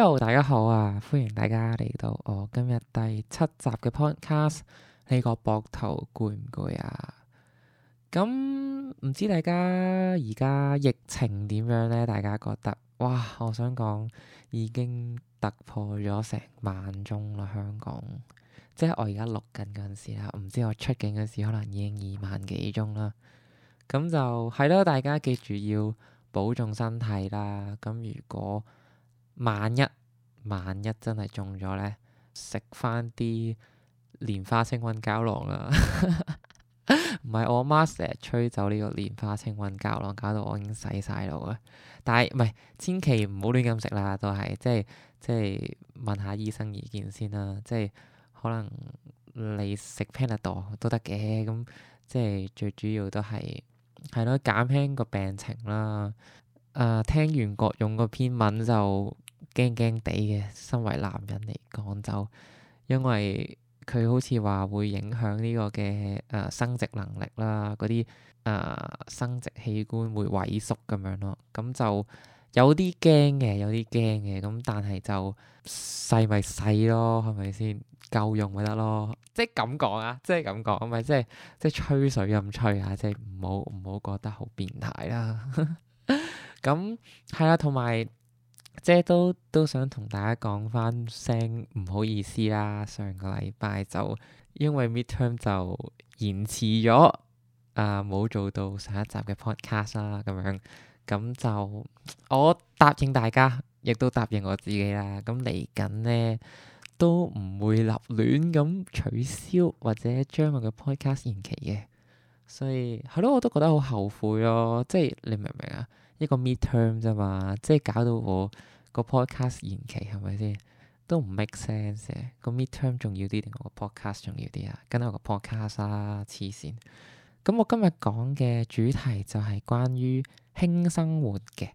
Hello，大家好啊！歡迎大家嚟到我今日第七集嘅 Podcast。你個膊頭攰唔攰啊？咁唔知大家而家疫情點樣咧？大家覺得哇，我想講已經突破咗成萬宗啦，香港。即係我而家錄緊嗰陣時啦，唔知我出境嗰陣時可能已經二萬幾宗啦。咁就係咯，大家記住要保重身體啦。咁如果，萬一萬一真係中咗咧，食翻啲蓮花清瘟膠囊啦。唔係我媽成日吹走呢個蓮花清瘟膠囊，搞到我已經洗晒腦啦。但係唔係，千祈唔好亂咁食啦，都係即係即係問下醫生意見先啦。即係可能你食 Panadol 都得嘅，咁即係最主要都係係咯，減輕個病情啦。誒、呃，聽完郭勇個篇文就～驚驚地嘅，身為男人嚟講就，因為佢好似話會影響呢個嘅誒、呃、生殖能力啦，嗰啲誒生殖器官會萎縮咁樣小小咯，咁就有啲驚嘅，有啲驚嘅，咁但係就細咪細咯，係咪先？夠用咪得咯？ 即係咁講啊，即係咁講，咪 即係即係吹水咁吹啊，即係唔好唔好覺得好變態啦。咁係啦，同埋。即係都都想同大家講翻聲唔好意思啦，上個禮拜就因為 midterm 就延遲咗，啊、呃、冇做到上一集嘅 podcast 啦咁樣，咁就我答應大家，亦都答應我自己啦，咁嚟緊咧都唔會立亂咁取消或者將我嘅 podcast 延期嘅，所以係咯，我都覺得好後悔咯，即係你明唔明啊？一個 midterm 啫嘛，即係搞到我個 podcast 延期，係咪先？都唔 make sense 嘅。個 midterm 重要啲定我個 podcast 重要啲啊？跟住我個 podcast 啦，黐線。咁我今日講嘅主題就係關於輕生活嘅，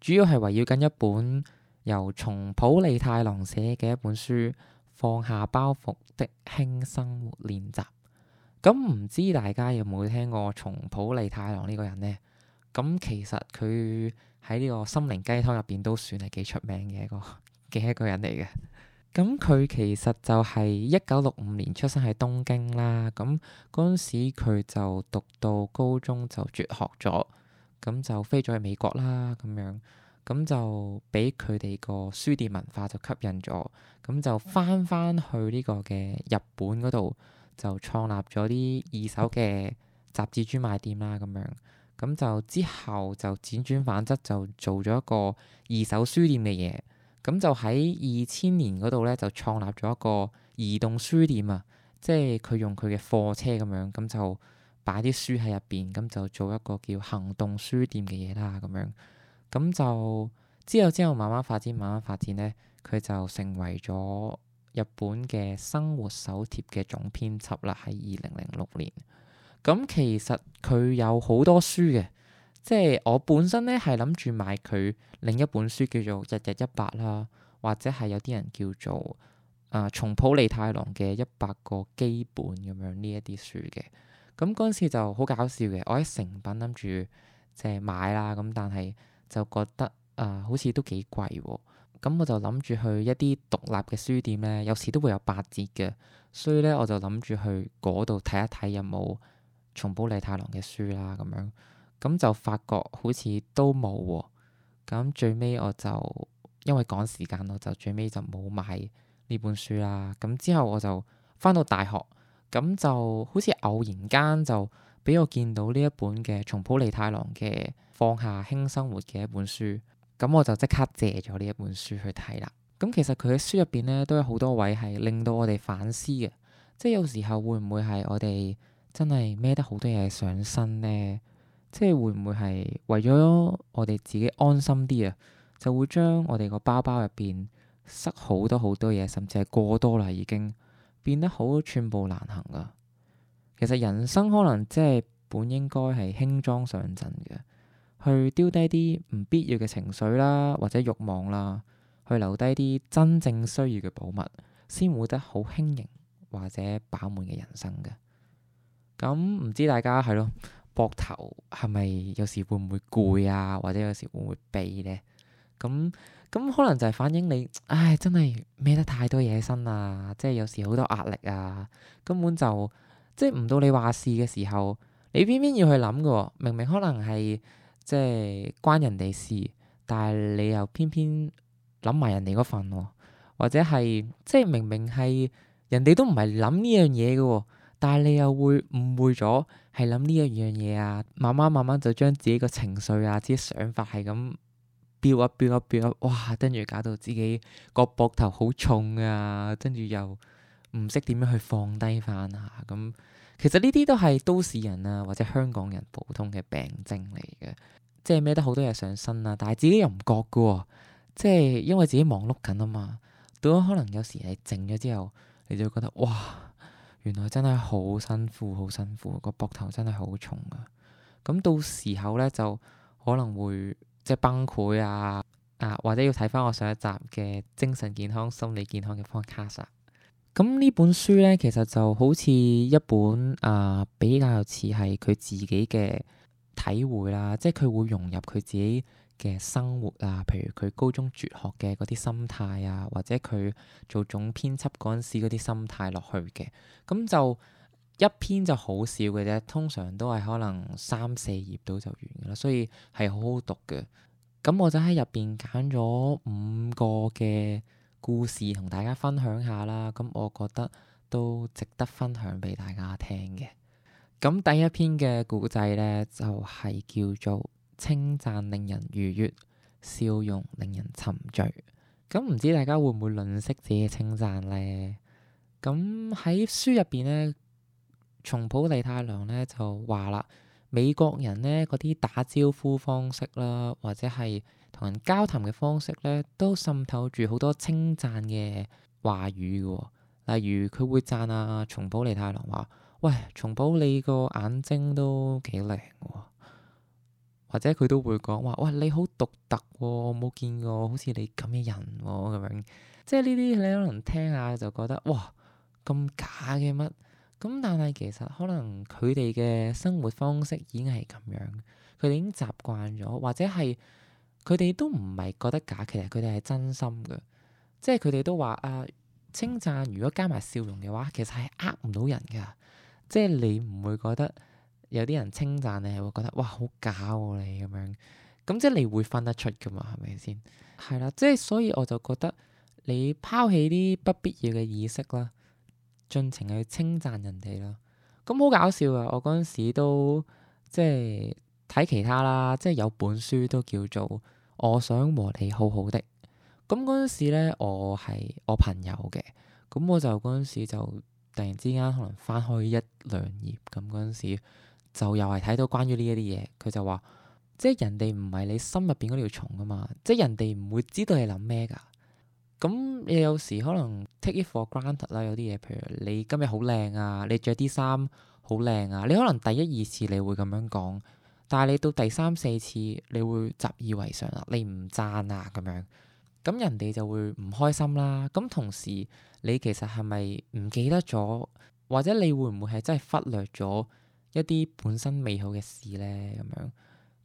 主要係圍繞緊一本由松浦利太郎寫嘅一本書《放下包袱的輕生活練習》。咁唔知大家有冇聽過松浦利太郎呢個人咧？咁其實佢喺呢個《心靈雞湯》入邊都算係幾出名嘅一個幾一個人嚟嘅。咁 佢其實就係一九六五年出生喺東京啦。咁嗰陣時佢就讀到高中就輟學咗，咁就飛咗去美國啦。咁樣，咁就俾佢哋個書店文化就吸引咗，咁就返返去呢個嘅日本嗰度就創立咗啲二手嘅雜誌專賣店啦。咁樣。咁就之後就輾轉反側就做咗一個二手書店嘅嘢，咁就喺二千年嗰度咧就創立咗一個移動書店啊，即係佢用佢嘅貨車咁樣，咁就擺啲書喺入邊，咁就做一個叫行動書店嘅嘢啦，咁樣，咁就之後之後慢慢發展，慢慢發展咧，佢就成為咗日本嘅生活手帖嘅總編輯啦，喺二零零六年。咁其實佢有好多書嘅，即係我本身咧係諗住買佢另一本書叫做《日日一百》啦，或者係有啲人叫做啊、呃、松浦利太郎嘅《一百個基本》咁樣呢一啲書嘅。咁嗰陣時就好搞笑嘅，我喺誠品諗住即係買啦，咁但係就覺得啊、呃、好似都幾貴喎。咁、嗯、我就諗住去一啲獨立嘅書店咧，有時都會有八折嘅，所以咧我就諗住去嗰度睇一睇有冇。松浦利太郎嘅書啦，咁樣咁就發覺好似都冇喎，咁最尾我就因為趕時間，我就最尾就冇買呢本書啦。咁之後我就返到大學，咁就好似偶然間就俾我見到呢一本嘅松浦利太郎嘅放下輕生活嘅一本書，咁我就即刻借咗呢一本書去睇啦。咁其實佢喺書入邊咧都有好多位係令到我哋反思嘅，即係有時候會唔會係我哋？真係孭得好多嘢上身咧，即係會唔會係為咗我哋自己安心啲啊？就會將我哋個包包入邊塞好多好多嘢，甚至係過多啦，已經變得好寸步難行啊。其實人生可能即係本應該係輕裝上陣嘅，去丟低啲唔必要嘅情緒啦，或者慾望啦，去留低啲真正需要嘅寶物，先會得好輕盈或者飽滿嘅人生㗎。咁唔、嗯、知大家係咯，膊頭係咪有時會唔會攰啊？或者有時會唔會痹咧？咁咁可能就係反映你，唉，真係孭得太多嘢身啊！即係有時好多壓力啊，根本就即係唔到你話事嘅時候，你偏偏要去諗㗎喎。明明可能係即係關人哋事，但係你又偏偏諗埋人哋嗰份喎，或者係即係明明係人哋都唔係諗呢樣嘢嘅喎。但係你又會誤會咗，係諗呢樣樣嘢啊，慢慢慢慢就將自己個情緒啊、自己想法係咁飆啊飆啊飆啊，哇！跟住搞到自己個膊頭好重啊，跟住又唔識點樣去放低翻啊。咁、嗯、其實呢啲都係都市人啊，或者香港人普通嘅病徵嚟嘅，即係孭得好多嘢上身啊，但係自己又唔覺嘅喎、啊，即係因為自己忙碌緊啊嘛。到咗可能有時你靜咗之後，你就覺得哇～原來真係好辛苦，好辛苦，個膊頭真係好重啊！咁到時候咧就可能會即係崩潰啊啊，或者要睇翻我上一集嘅精神健康、心理健康嘅 podcast。咁呢本書咧其實就好似一本啊、呃，比較似係佢自己嘅體會啦，即係佢會融入佢自己。嘅生活啊，譬如佢高中輟學嘅嗰啲心態啊，或者佢做總編輯嗰陣時嗰啲心態落去嘅，咁就一篇就好少嘅啫，通常都係可能三四頁到就完嘅啦，所以係好好讀嘅。咁我就喺入邊揀咗五個嘅故事同大家分享下啦，咁我覺得都值得分享俾大家聽嘅。咁第一篇嘅古仔咧就係叫做。稱讚令人愉悅，笑容令人沉醉。咁、嗯、唔知大家會唔會吝嗇自己嘅稱讚咧？咁、嗯、喺書入邊咧，松浦莉太郎咧就話啦，美國人咧嗰啲打招呼方式啦，或者係同人交談嘅方式咧，都滲透住好多稱讚嘅話語嘅、哦。例如佢會讚啊，松浦莉太郎話，喂，松浦你個眼睛都幾靚嘅。或者佢都會講話，哇！你好獨特喎、哦，冇見過好似你咁嘅人喎、哦，咁樣。即係呢啲你可能聽下就覺得哇，咁假嘅乜？咁但係其實可能佢哋嘅生活方式已經係咁樣，佢哋已經習慣咗，或者係佢哋都唔係覺得假，其實佢哋係真心嘅。即係佢哋都話啊，稱讚如果加埋笑容嘅話，其實係呃唔到人㗎。即係你唔會覺得。有啲人稱讚你係會覺得哇，好假喎，啊，你咁樣，咁即係你會分得出噶嘛係咪先？係啦，即係所以我就覺得你拋棄啲不必要嘅意識啦，盡情去稱讚人哋啦。咁好搞笑啊！我嗰陣時都即係睇其他啦，即係有本書都叫做《我想和你好好的》。咁嗰陣時咧，我係我朋友嘅，咁我就嗰陣時就突然之間可能翻開一兩頁，咁嗰陣時。就又係睇到關於呢一啲嘢，佢就話，即係人哋唔係你心入邊嗰條蟲啊嘛，即係人哋唔會知道你諗咩噶。咁你有時可能 take it for granted 啦，有啲嘢，譬如你今日好靚啊，你着啲衫好靚啊，你可能第一二次你會咁樣講，但係你到第三四次你會習以為常啊，你唔讚啊咁樣，咁人哋就會唔開心啦。咁同時你其實係咪唔記得咗，或者你會唔會係真係忽略咗？一啲本身美好嘅事咧，咁樣，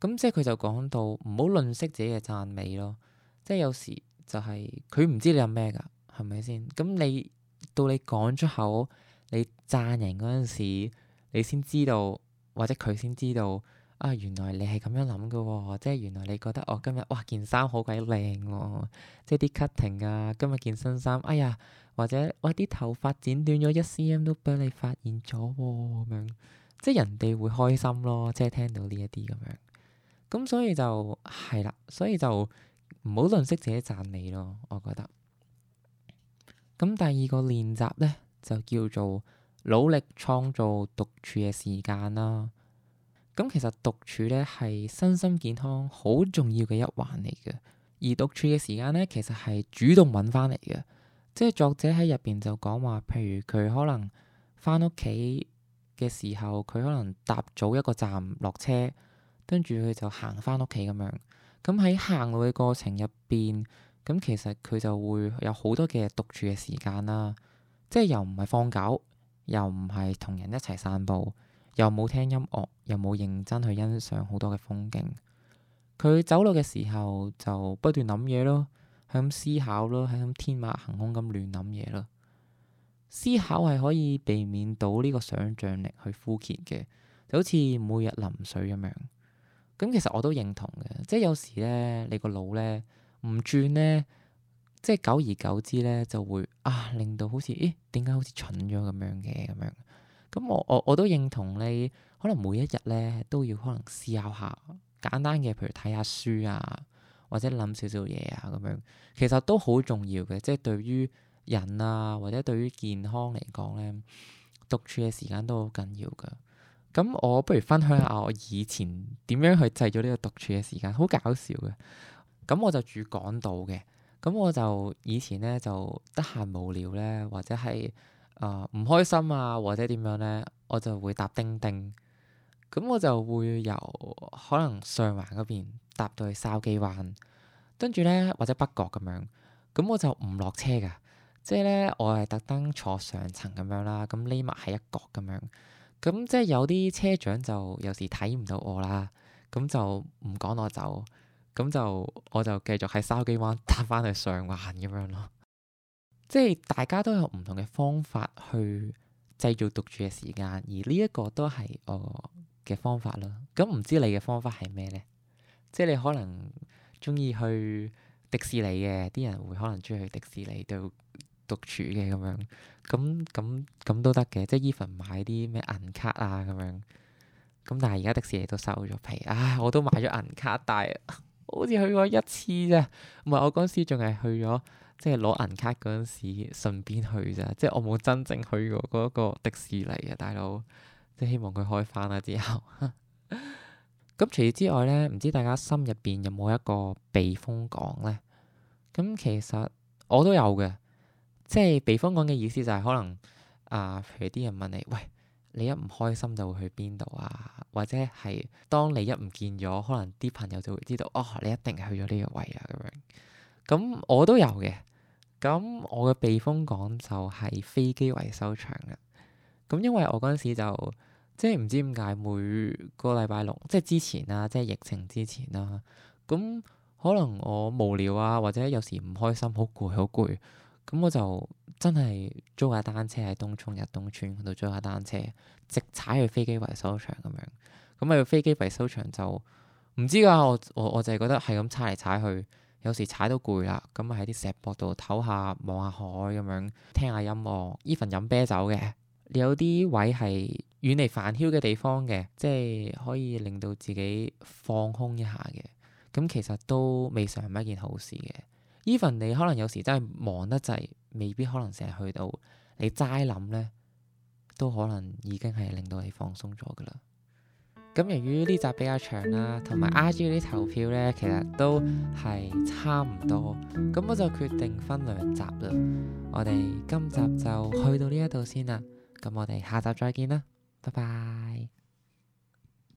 咁即係佢就講到唔好吝惜自己嘅讚美咯。即係有時就係佢唔知你有咩噶，係咪先？咁你到你講出口，你讚人嗰陣時，你先知道或者佢先知道啊。原來你係咁樣諗噶喎，即係原來你覺得我今日哇件衫好鬼靚喎，即係啲 cutting 啊，今日件新衫哎呀，或者哇啲頭髮剪短咗一 cm 都俾你發現咗喎咁樣。即係人哋會開心咯，即係聽到呢一啲咁樣，咁所以就係啦，所以就唔好吝嗇自己讚美咯，我覺得。咁第二個練習咧，就叫做努力創造獨處嘅時間啦。咁其實獨處咧係身心健康好重要嘅一環嚟嘅，而獨處嘅時間咧，其實係主動搵翻嚟嘅。即係作者喺入邊就講話，譬如佢可能翻屋企。嘅時候，佢可能搭早一個站落車，跟住佢就行翻屋企咁樣。咁喺行路嘅過程入邊，咁其實佢就會有好多嘅獨處嘅時間啦。即係又唔係放狗，又唔係同人一齊散步，又冇聽音樂，又冇認真去欣賞好多嘅風景。佢走路嘅時候就不斷諗嘢咯，喺咁思考咯，喺咁天馬行空咁亂諗嘢咯。思考係可以避免到呢個想象力去枯竭嘅，就好似每日淋水咁樣。咁其實我都認同嘅，即係有時咧，你個腦咧唔轉咧，即係久而久之咧就會啊，令到好似咦，點解好似蠢咗咁樣嘅咁樣。咁我我我都認同你，可能每一日咧都要可能思考下簡單嘅，譬如睇下書啊，或者諗少少嘢啊咁樣，其實都好重要嘅，即係對於。人啊，或者對於健康嚟講咧，獨處嘅時間都好緊要噶。咁我不如分享下我以前點樣去製造呢個獨處嘅時間，好搞笑嘅。咁我就住港島嘅，咁我就以前咧就得閒無聊咧，或者係啊唔開心啊，或者點樣咧，我就會搭叮叮，咁我就會由可能上環嗰邊搭到去筲箕灣，跟住咧或者北角咁樣，咁我就唔落車噶。即係咧，我係特登坐上層咁樣啦，咁匿埋喺一角咁樣，咁即係有啲車長就有時睇唔到我啦，咁就唔趕我走，咁就我就繼續喺筲箕灣搭翻去上環咁樣咯。 即係大家都有唔同嘅方法去製造獨處嘅時間，而呢一個都係我嘅方法咯。咁唔知你嘅方法係咩呢？即係你可能中意去迪士尼嘅，啲人會可能中意去迪士尼度。都獨處嘅咁樣，咁咁咁都得嘅。即係 even 買啲咩銀卡啊，咁樣咁。但係而家迪士尼都收咗皮，唉，我都買咗銀卡，但係好似去過一次啫。唔係我嗰陣時仲係去咗，即係攞銀卡嗰陣時順便去咋。即係我冇真正去過嗰個迪士尼呀，大佬。即係希望佢開翻啦。之後咁 除此之外咧，唔知大家心入邊有冇一個避風港咧？咁其實我都有嘅。即係避風港嘅意思就係可能啊，呃、譬如啲人問你，喂，你一唔開心就會去邊度啊？或者係當你一唔見咗，可能啲朋友就會知道，哦，你一定係去咗呢個位啊咁樣。咁我都有嘅。咁我嘅避風港就係飛機維修場啦。咁因為我嗰陣時就即係唔知點解每個禮拜六，即係之前啊，即係疫情之前啦、啊。咁可能我無聊啊，或者有時唔開心，好攰，好攰。咁我就真係租架單車喺東涌日東村嗰度租架單車，直踩去飛機維修場咁樣。咁去飛機維修場就唔知㗎、啊。我我我就係覺得係咁踩嚟踩去，有時踩到攰啦，咁啊喺啲石壆度唞下，望下海咁樣，聽下音樂，even 飲啤酒嘅。你有啲位係遠離煩囂嘅地方嘅，即係可以令到自己放空一下嘅。咁其實都未嘗唔係一件好事嘅。Even 你可能有時真係忙得滯，未必可能成日去到。你齋諗呢，都可能已經係令到你放鬆咗㗎喇。咁由於呢集比較長啦，同埋 IG 嗰啲投票呢，其實都係差唔多。咁我就決定分兩集啦。我哋今集就去到呢一度先啦。咁我哋下集再見啦。拜拜。